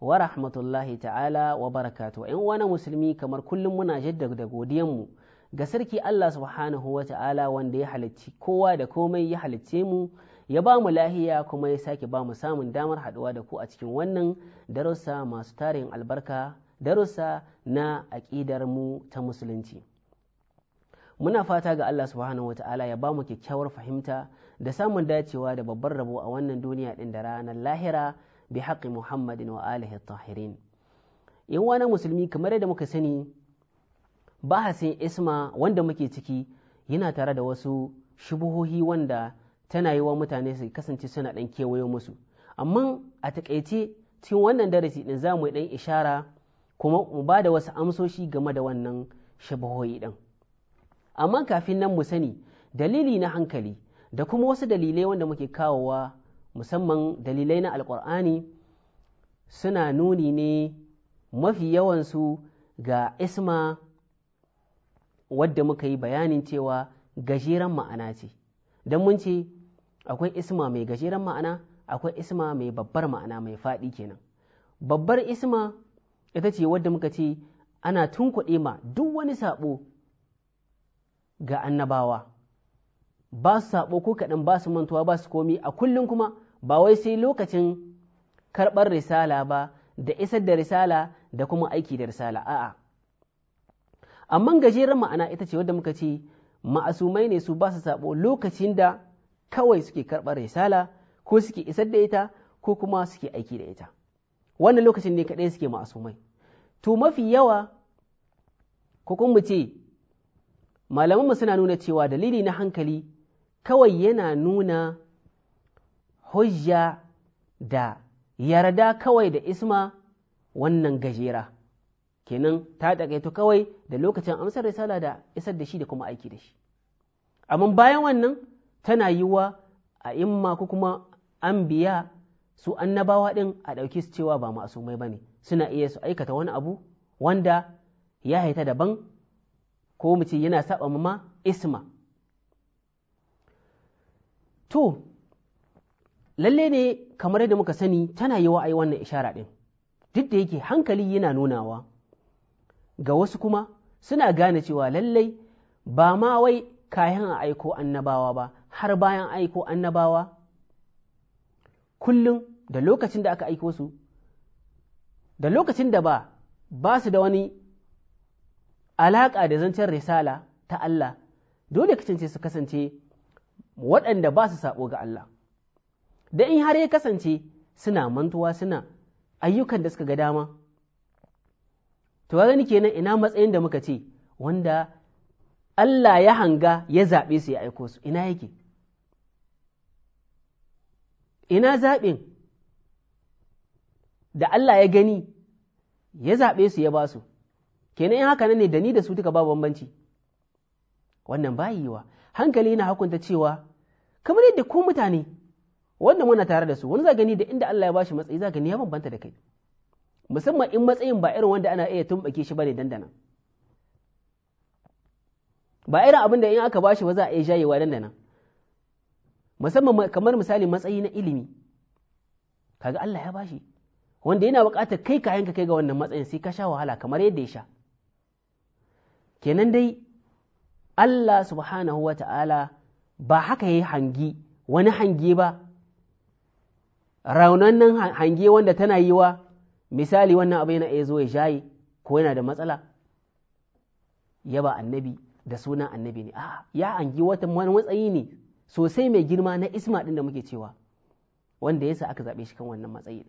wa rahmatullahi ta'ala wa barakatu in wani musulmi kamar kullum muna jaddada godiyanmu ga sarki Allah subhanahu wa ta'ala wanda ya halicci kowa da komai ya halicce mu ya ba mu lahiya kuma ya sake ba mu samun damar haɗuwa da ku a cikin wannan darussa masu tarin albarka darussa na aƙidar mu ta musulunci muna fata ga Allah subhanahu wa ta'ala ya ba mu kyakkyawar fahimta da samun dacewa da babban rabo a wannan duniya ɗin da ranar lahira bi haƙi muhammadin wa alihi tahirin wa na musulmi kamar yadda muka sani bahasin isma wanda muke ciki yana tare da wasu shubuhohi wanda tana yi wa mutane su kasance suna ɗan kewayo musu amma a takaice cikin wannan darasi ɗin za mu yi ɗan ishara kuma mu ba da wasu amsoshi game da wannan shubuhohi ɗin amma kafin nan mu sani dalili na hankali da kuma wasu dalilai wanda muke kawowa musamman dalilai na alkur'ani suna nuni ne mafi yawansu ga isma wadda muka yi bayanin cewa gajeren ma'ana ce don mun ce akwai isma mai gajeren ma'ana akwai isma mai babbar ma'ana mai faɗi kenan babbar isma ita ce wadda muka ce ana tunkuɗe ma duk wani saɓo ga annabawa ba su saɓo ko kaɗan ba su mantuwa ba su komi a kullum kuma ba wai sai lokacin karɓar risala ba da isar da risala da kuma aiki da risala a'a amma gajeren ma'ana ita ce wadda muka ce ma'asumai ne su ba su saɓo lokacin da kawai suke karɓar risala ko suke isar da ita ko kuma suke aiki da ita wannan lokacin ne kaɗai suke ma'asumai to mafi yawa ko kuma mu ce malamanmu suna nuna cewa dalili na hankali kawai yana nuna hujja da yarda kawai da isma wannan gajera kenan ta takaito kawai da lokacin amsar risala da isar da shi da kuma aiki da shi amma bayan wannan tana yiwuwa a imma ko kuma an biya su annabawa ɗin a ɗauki su cewa ba mai ba ne suna iya su aikata wani abu wanda ya haita daban ko mu ce yana saɓa ma isma to lalle ne kamar yadda muka sani tana yi wa'ai wannan ishara ɗin duk da yake hankali yana nunawa ga wasu kuma suna gane cewa lallai ba ma wai kayan a aiko annabawa ba har bayan aiko annabawa kullum da lokacin da aka aiko su da lokacin da ba ba su da wani alaƙa da zancen risala ta Allah dole kasance su kasance waɗanda ba su saɓo ga Allah da in har ya kasance suna mantuwa suna ayyukan da suka ga dama to gani kenan ina matsayin da muka ce wanda Allah ya hanga ya zaɓe su ya aiko su ina yake ina zaɓin da Allah ya gani ya zaɓe su ya ba su kenan in haka ne da ni da su duka ba bambanci wannan ba wa. hankali yana hukunta cewa kamar yadda ku mutane wanda muna tare da su wani za gani da inda Allah ya bashi matsayi za gani ya bambanta da kai musamman in matsayin ba irin wanda ana iya tumbake shi bane dandana ba irin abin da in aka bashi ba za a iya jayewa dandana musamman kamar misali matsayi na ilimi kaga Allah ya bashi wanda yana buƙatar kai kayan ka kai ga wannan matsayin sai ka sha wahala kamar yadda ya sha kenan dai Allah subhanahu wa ta'ala ba haka ya hangi wani hangi ba, raunannan hangi wanda tana yi wa misali wannan abu yana iya zo ya jayi, ko yana da matsala, Yaba annabi da suna annabi ne, ah, ya hangi wata wani matsayi ne sosai mai girma na isma ɗin da muke cewa, wanda yasa aka zaɓe shi kan wannan matsayi.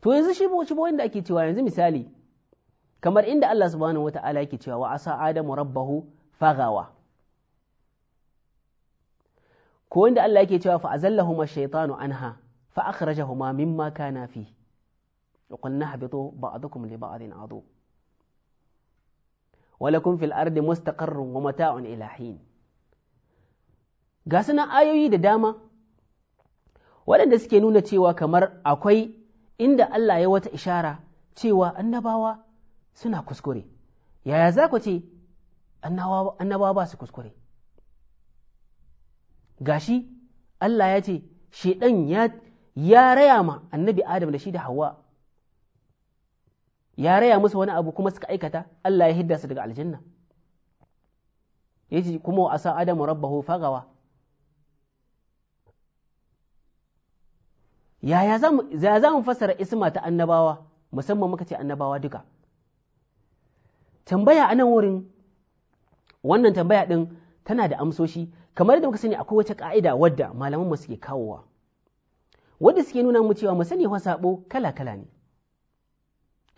To yanzu shi wanda ake cewa yanzu misali. kamar inda Allah subhanahu wata'ala yake cewa wa asa adamu rabbahu fagawa ko inda Allah yake cewa fa azallahuma shaytanu anha fa akhrajahuma mimma kana fi wa qulna habitu ba'dukum li ba'din adu wa lakum fil ardi mustaqarrun wa mata'un ila hin ga suna ayoyi da dama waɗanda suke nuna cewa kamar akwai inda Allah ya wata ishara cewa annabawa suna kuskure yaya za ku ce annabawa ba su kuskure gashi Allah ya ce shaidan ya raya ma annabi Adam da shi da hawa ya raya musu wani abu kuma suka aikata Allah ya hidda su daga aljanna yace kuma wa asa Adam rabbahu fagawa yaya za mu fassara isma ta annabawa musamman muka ce annabawa duka tambaya a nan wurin wannan tambaya ɗin tana da amsoshi kamar da muka sani akwai wata ka'ida wadda malaman mu suke kawowa wadda suke nuna mu cewa mu sani wa sabo kala kala ne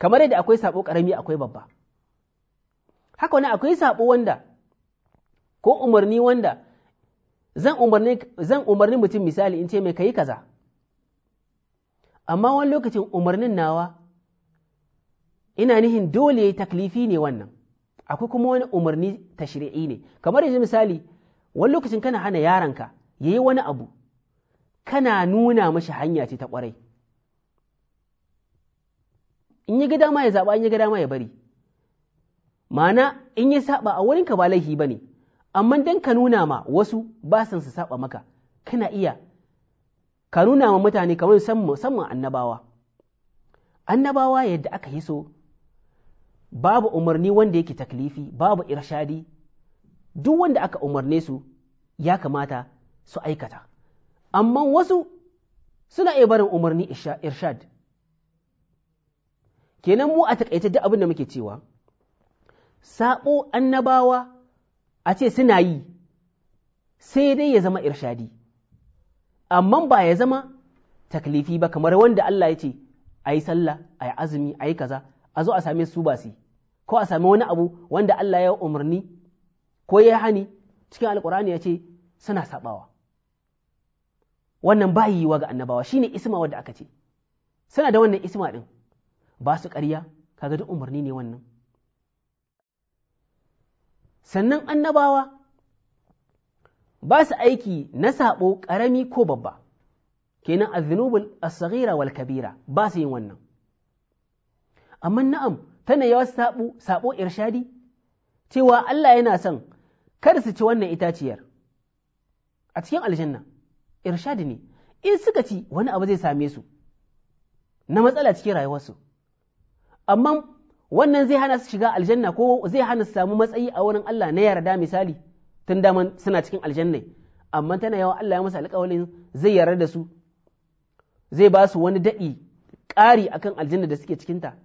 kamar yadda akwai sabo karami akwai babba haka wani akwai sabo wanda ko umarni wanda zan umarni zan umarni mutum misali in ce mai kai kaza amma wani lokacin umarnin nawa ina nihin dole taklifi ne wannan akwai kuma wani umarni ta shiri'i ne kamar yanzu misali wani lokacin kana hana yaranka yi wani abu kana nuna mashi hanya ce ta kwarai in ya ga dama ya zaɓa in ya ga dama ya bari Mana in ya saɓa a ka ba laifi ba ne amma dan ka nuna ma wasu ba su saɓa maka kana iya ka nuna ma mutane kamar musamman annabawa annabawa yadda aka yi so babu umarni wanda yake taklifi babu irshadi duk wanda aka umarne su ya kamata su aikata amma wasu suna iya barin umarni irshad kenan mu a takaice duk abin da muke cewa saɓo annabawa a ce suna yi sai dai ya zama irshadi amma ba ya zama taklifi ba kamar wanda Allah ya ce a yi sallah a yi azumi a yi kaza a zo a same su ba su ko a sami wani abu wanda Allah ya umarni ko ya hani cikin alkur'ani ya ce suna sabawa wannan ba yiwuwa ga annabawa shine isma wadda aka ce suna da wannan isma din ba su ƙarya kaga duk umarni ne wannan sannan annabawa ba su aiki na saɓo ƙarami ko babba kenan azinubul as-saghira wal kabira ba su yin wannan amma na'am tana yawa sabo sabo irshadi cewa Allah yana son kar su ci wannan itaciyar a cikin aljanna irshadi ne in suka ci wani abu zai same su na matsala cikin rayuwarsu amma wannan zai hana su shiga aljanna ko zai hana su samu matsayi a wurin Allah na yarda misali tun da suna cikin aljanna amma tana yawa Allah ya masa alƙawalin zai yarda da su zai ba su wani daɗi ƙari akan aljanna da suke cikinta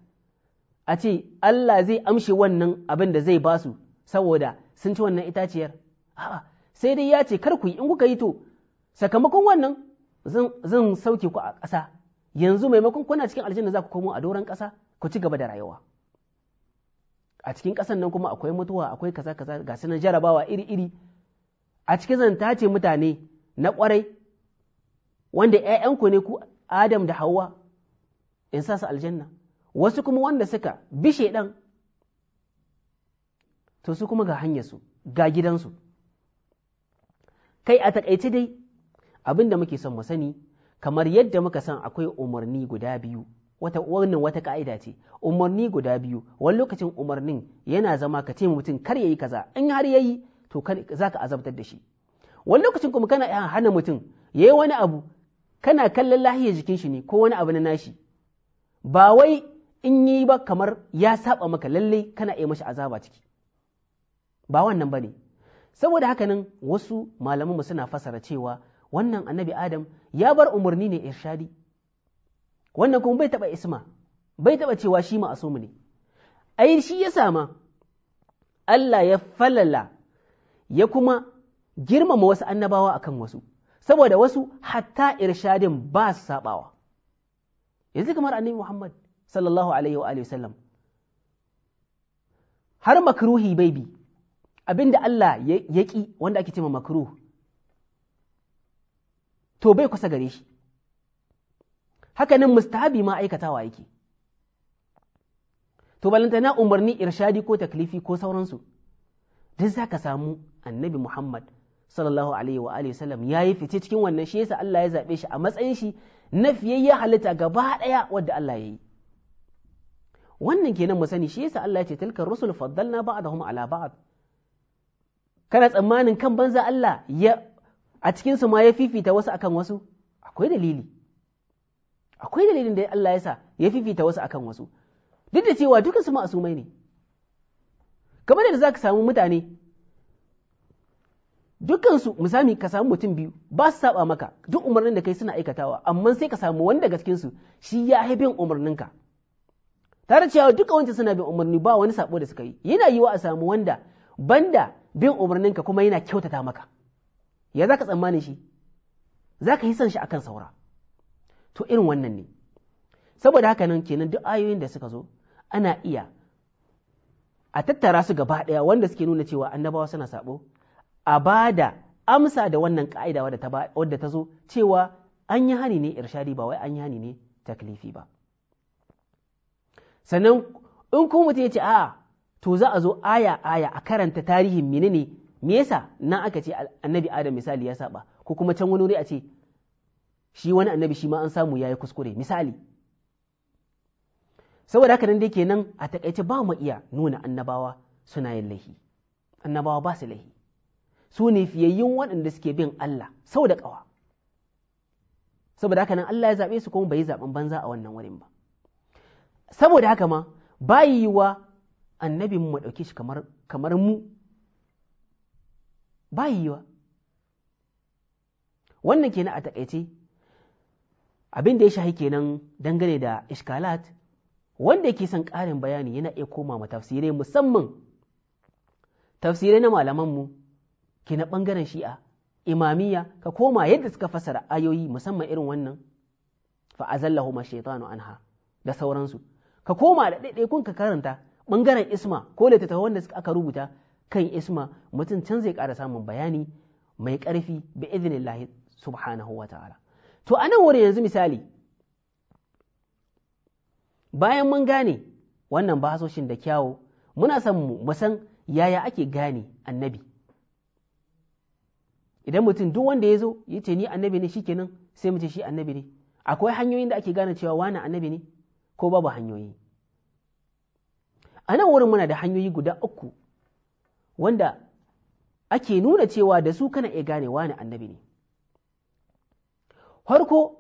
a ce Allah zai amshe wannan abin da zai basu saboda sun ci wannan itaciyar a'a sai dai ya ce kar ku yi in kuka yi to sakamakon wannan zan sauke ku a ƙasa yanzu maimakon kuna cikin aljanna za ku komo a doron ƙasa ku ci gaba da rayuwa a cikin ƙasan nan kuma akwai mutuwa akwai kaza kaza ga sunan jarabawa iri iri a cikin zan tace mutane na kwarai wanda ‘ya'yanku ne ku Adam da Hawwa in sa su aljanna wasu kuma wanda suka bi shaidan to su kuma ga hanyarsu ga gidansu kai a takaice dai abin da muke son mu sani kamar yadda muka san akwai umarni guda biyu wata wannan wata ka'ida ce umarni guda biyu wani lokacin umarnin yana zama ka ce mutum kar yayi kaza in har yayi to za ka azabtar da shi wani lokacin kuma kana iya hana mutum yayi wani abu kana kallon lahiyar jikin shi ne ko wani abu na nashi ba wai in yi ba kamar ya saba maka lallai kana iya mashi azaba ciki ba wannan bane saboda haka nan wasu mu suna fasara cewa wannan annabi adam ya bar umarni ne irshadi wannan kuma bai taba isma bai taba cewa shi ma mu ne ai shi ya sama Allah ya falala ya kuma girmama wasu annabawa akan wasu saboda wasu hatta irshadin ba su sabawa yanzu kamar annabi Muhammad sallallahu alaihi wa sallam har makruhi bai bi abinda Allah ya ƙi wanda ake cewa makruh to bai kusa gare shi haka nan mustahabi ma aikatawa yake to balantana umarni irshadi ko taklifi ko sauransu duk za ka samu annabi Muhammad sallallahu alaihi wa alihi sallam ya yi fice cikin wannan shi yasa Allah ya zaɓe shi a matsayin shi na fiyayya halitta gaba ɗaya wadda Allah ya yi wannan kenan mu sani shi yasa Allah ya ce tilkar rusul faddalna ba'dahum ala ba'd kana tsammanin kan banza Allah ya a cikin su ma ya fifita wasu akan wasu akwai dalili akwai dalilin da Allah ya sa ya fifita wasu akan wasu duk da cewa dukkan su ma'asumai ne kamar da zaka samu mutane dukkansu misali ka samu mutum biyu ba su saba maka duk umarnin da kai suna aikatawa amma sai ka samu wanda cikin su shi ya haifin umarninka tare cewa duka wancan suna bin umarni ba wani sabo da suka yi yana yiwa a samu wanda banda bin umarnin ka kuma yana kyautata maka ya zaka tsammanin shi zaka yi son shi akan saura to irin wannan ne saboda haka nan kenan duk ayoyin da suka zo ana iya a tattara su gaba ɗaya wanda suke nuna cewa annabawa suna sabo a bada amsa da wannan ka'ida wadda ta zo cewa an yi hani ne irshadi ba wai an yi hani ne taklifi ba sannan in ku mutum ya ce a to za a zo aya aya a karanta tarihin menene me yasa na aka ce annabi adam misali ya saba ko kuma can wani wuri a ce shi wani annabi shi ma an samu yi kuskure misali saboda haka nan yake nan a takaice ba mu iya nuna annabawa suna yin laihi annabawa ba su lahi su ne fiyayyun waɗanda suke bin Allah sau da ƙawa saboda haka nan Allah ya zaɓe su kuma bai zaɓen banza a wannan wurin ba saboda haka ma ba annabin mu shi kamar mu ba yiwuwa wannan kenan a takaice abinda ya shahi kenan dangane da iskalat wanda yake son ƙarin bayani yana iya koma ma tafsirai musamman tafsirai na malamanmu ke na ɓangaren shi'a imamiya. ka koma yadda suka fasara ayoyi musamman irin wannan fa'azallahu ma shaitanu anha da sauransu ka koma da ɗaiɗaikun ka karanta ɓangaren isma ko littattafan wanda aka rubuta kan isma mutum can zai ƙara samun bayani mai ƙarfi bi lahi subhanahu wa ta'ala to a nan wurin yanzu misali bayan mun gane wannan bahasoshin da kyawo muna san mu san yaya ake gane annabi idan mutum duk wanda ya zo ya ce ni annabi ne shikenan sai mu ce shi annabi ne akwai hanyoyin da ake gane cewa wani annabi ne ko babu hanyoyi a nan wurin muna da hanyoyi guda uku wanda ake nuna cewa da su kana iya gane wani annabi ne harko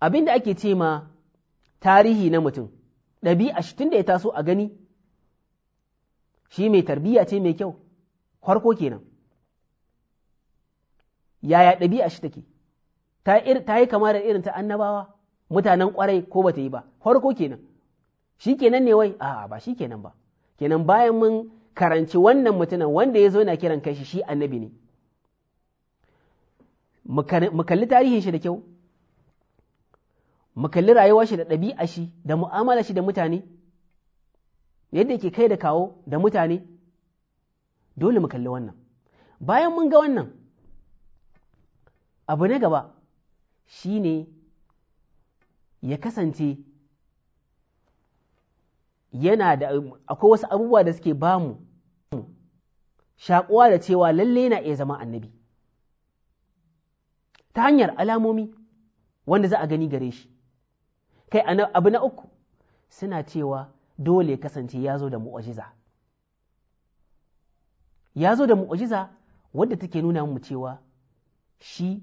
abinda ake ce ma tarihi na mutum ɗabi'a shi tun da ya taso a gani shi mai tarbiyya ce mai kyau harko kenan yaya ɗabi'a shi take ta yi kama da irin ta annabawa mutanen kwarai ko bata yi ba farko kenan shi kenan ne wai a'a ba shi kenan ba kenan bayan mun karanci wannan mutumin wanda ya zo na kiran kai shi annabi ne mu kalli tarihin shi da kyau mu kalli rayuwar shi da ɗabi'a shi da mu'amala shi da mutane yadda yake kai da kawo da mutane dole mu kalli wannan bayan mun ga wannan abu na gaba shine ya kasance yana da akwai wasu abubuwa da suke bamu shaƙuwa da cewa lalle yana iya zama annabi ta hanyar alamomi wanda za a gani gare shi kai abu na uku suna cewa dole ya kasance ya zo da mu'ajiza ya zo da mu'ajiza wadda take nuna mu cewa shi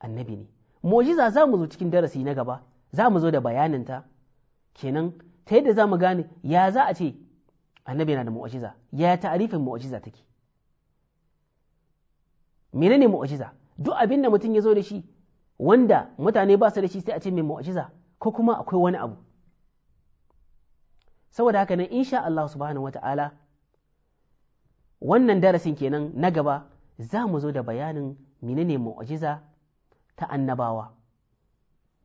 annabi ne mu'ajiza za mu zo cikin darasi na gaba za mu zo da bayaninta kenan ta yadda za mu gane ya za a ce annabi na da mu'ajiza ya ta'arifin mu'ajiza take menene mu'ajiza duk abin da mutum ya zo da shi wanda mutane ba su da shi sai a ce mai mu'ajiza ko kuma akwai wani abu saboda haka nan insha Allah subhanahu wata'ala wannan darasin kenan na gaba za mu zo da bayanin menene mu'ajiza ta annabawa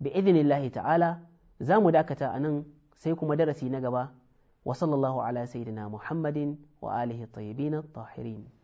bi idinillahi ta'ala za mu dakata a nan sai kuma darasi na gaba wa sallallahu ala sayyidina muhammadin wa alihi tayyibin tahirin